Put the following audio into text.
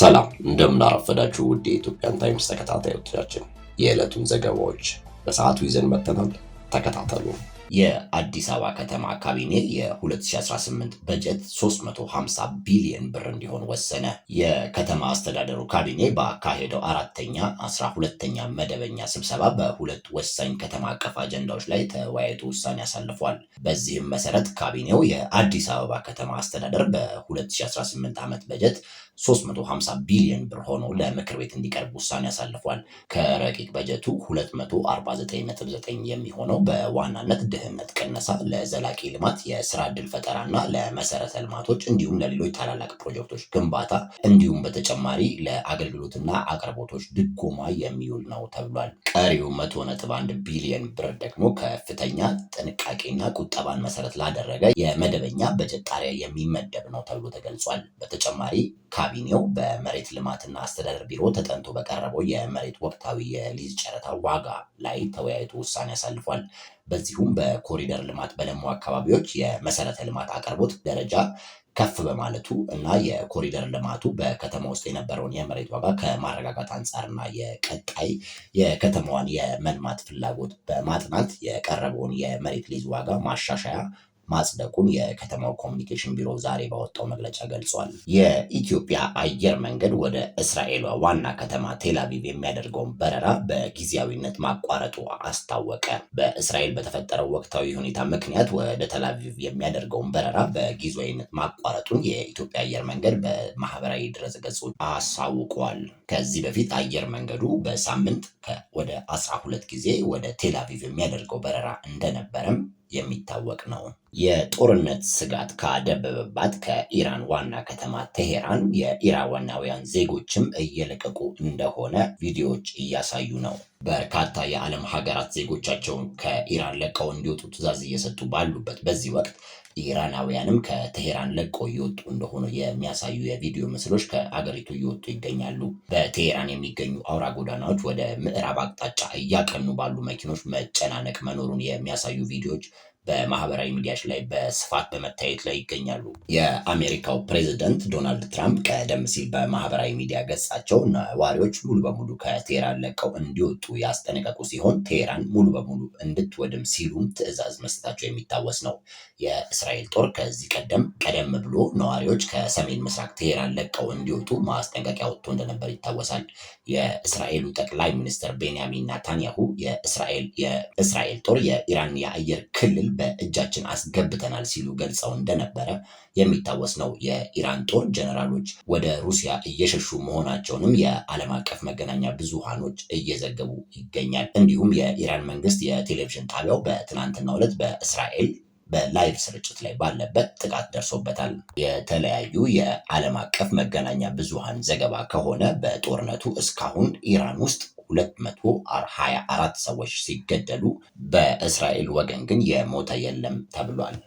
ሰላም እንደምናረፈዳችሁ ውድ የኢትዮጵያን ታይምስ ተከታታዮቻችን፣ የዕለቱን ዘገባዎች በሰዓቱ ይዘን መጥተናል። ተከታተሉ። የአዲስ አበባ ከተማ ካቢኔ የ2018 በጀት 350 ቢሊዮን ብር እንዲሆን ወሰነ። የከተማ አስተዳደሩ ካቢኔ ባካሄደው አራተኛ 12ተኛ መደበኛ ስብሰባ በሁለት ወሳኝ ከተማ አቀፍ አጀንዳዎች ላይ ተወያይቶ ውሳኔ አሳልፏል። በዚህም መሰረት ካቢኔው የአዲስ አበባ ከተማ አስተዳደር በ2018 ዓመት በጀት 350 ቢሊዮን ብር ሆኖ ለምክር ቤት እንዲቀርብ ውሳኔ አሳልፏል። ከረቂቅ በጀቱ 249.9 የሚሆነው በዋናነት ድህነት ቅነሳ፣ ለዘላቂ ልማት፣ የስራ ዕድል ፈጠራና ለመሰረተ ልማቶች እንዲሁም ለሌሎች ታላላቅ ፕሮጀክቶች ግንባታ እንዲሁም በተጨማሪ ለአገልግሎትና አቅርቦቶች ድጎማ የሚውል ነው ተብሏል። ቀሪው 100.1 ቢሊዮን ብር ደግሞ ከፍተኛ ጥንቃቄና ቁጠባን መሰረት ላደረገ የመደበኛ በጀት ጣሪያ የሚመደብ ነው ተብሎ ተገልጿል። በተጨማሪ ካቢኔው በመሬት ልማትና አስተዳደር ቢሮ ተጠንቶ በቀረበው የመሬት ወቅታዊ የሊዝ ጨረታ ዋጋ ላይ ተወያይቶ ውሳኔ አሳልፏል። በዚሁም በኮሪደር ልማት በለሙ አካባቢዎች የመሰረተ ልማት አቅርቦት ደረጃ ከፍ በማለቱ እና የኮሪደር ልማቱ በከተማ ውስጥ የነበረውን የመሬት ዋጋ ከማረጋጋት አንጻርና የቀጣይ የከተማዋን የመልማት ፍላጎት በማጥናት የቀረበውን የመሬት ሊዝ ዋጋ ማሻሻያ ማጽደቁን የከተማው ኮሚኒኬሽን ቢሮ ዛሬ ባወጣው መግለጫ ገልጿል። የኢትዮጵያ አየር መንገድ ወደ እስራኤሏ ዋና ከተማ ቴልአቪቭ የሚያደርገውን በረራ በጊዜያዊነት ማቋረጡ አስታወቀ። በእስራኤል በተፈጠረው ወቅታዊ ሁኔታ ምክንያት ወደ ቴላቪቭ የሚያደርገውን በረራ በጊዜያዊነት ማቋረጡን የኢትዮጵያ አየር መንገድ በማህበራዊ ገጹ አሳውቋል። ከዚህ በፊት አየር መንገዱ በሳምንት ወደ 12 ጊዜ ወደ ቴልአቪቭ የሚያደርገው በረራ እንደነበረም የሚታወቅ ነው። የጦርነት ስጋት ካደበበባት ከኢራን ዋና ከተማ ቴሄራን የኢራናውያን ዜጎችም እየለቀቁ እንደሆነ ቪዲዮዎች እያሳዩ ነው። በርካታ የዓለም ሀገራት ዜጎቻቸውን ከኢራን ለቀው እንዲወጡ ትዕዛዝ እየሰጡ ባሉበት በዚህ ወቅት ኢራናውያንም ከቴሄራን ለቆ እየወጡ እንደሆነ የሚያሳዩ የቪዲዮ ምስሎች ከአገሪቱ እየወጡ ይገኛሉ። በቴሄራን የሚገኙ አውራ ጎዳናዎች ወደ ምዕራብ አቅጣጫ እያቀኑ ባሉ መኪኖች መጨናነቅ መኖሩን የሚያሳዩ ቪዲዮዎች በማህበራዊ ሚዲያዎች ላይ በስፋት በመታየት ላይ ይገኛሉ። የአሜሪካው ፕሬዝደንት ዶናልድ ትራምፕ ቀደም ሲል በማህበራዊ ሚዲያ ገጻቸው ነዋሪዎች ሙሉ በሙሉ ከቴህራን ለቀው እንዲወጡ ያስጠነቀቁ ሲሆን ቴህራን ሙሉ በሙሉ እንድትወድም ሲሉም ትዕዛዝ መስጠታቸው የሚታወስ ነው። የእስራኤል ጦር ከዚህ ቀደም ቀደም ብሎ ነዋሪዎች ከሰሜን ምስራቅ ቴህራን ለቀው እንዲወጡ ማስጠንቀቂያ ወጥቶ እንደነበር ይታወሳል። የእስራኤሉ ጠቅላይ ሚኒስትር ቤንያሚን ናታንያሁ የእስራኤል ጦር የኢራን የአየር ክልል በእጃችን አስገብተናል ሲሉ ገልጸው እንደነበረ የሚታወስ ነው። የኢራን ጦር ጀነራሎች ወደ ሩሲያ እየሸሹ መሆናቸውንም የዓለም አቀፍ መገናኛ ብዙሃኖች እየዘገቡ ይገኛል። እንዲሁም የኢራን መንግስት የቴሌቪዥን ጣቢያው በትናንትናው ዕለት በእስራኤል በላይቭ ስርጭት ላይ ባለበት ጥቃት ደርሶበታል። የተለያዩ የዓለም አቀፍ መገናኛ ብዙሃን ዘገባ ከሆነ በጦርነቱ እስካሁን ኢራን ውስጥ 224 ሰዎች ሲገደሉ በእስራኤል ወገን ግን የሞተ የለም ተብሏል።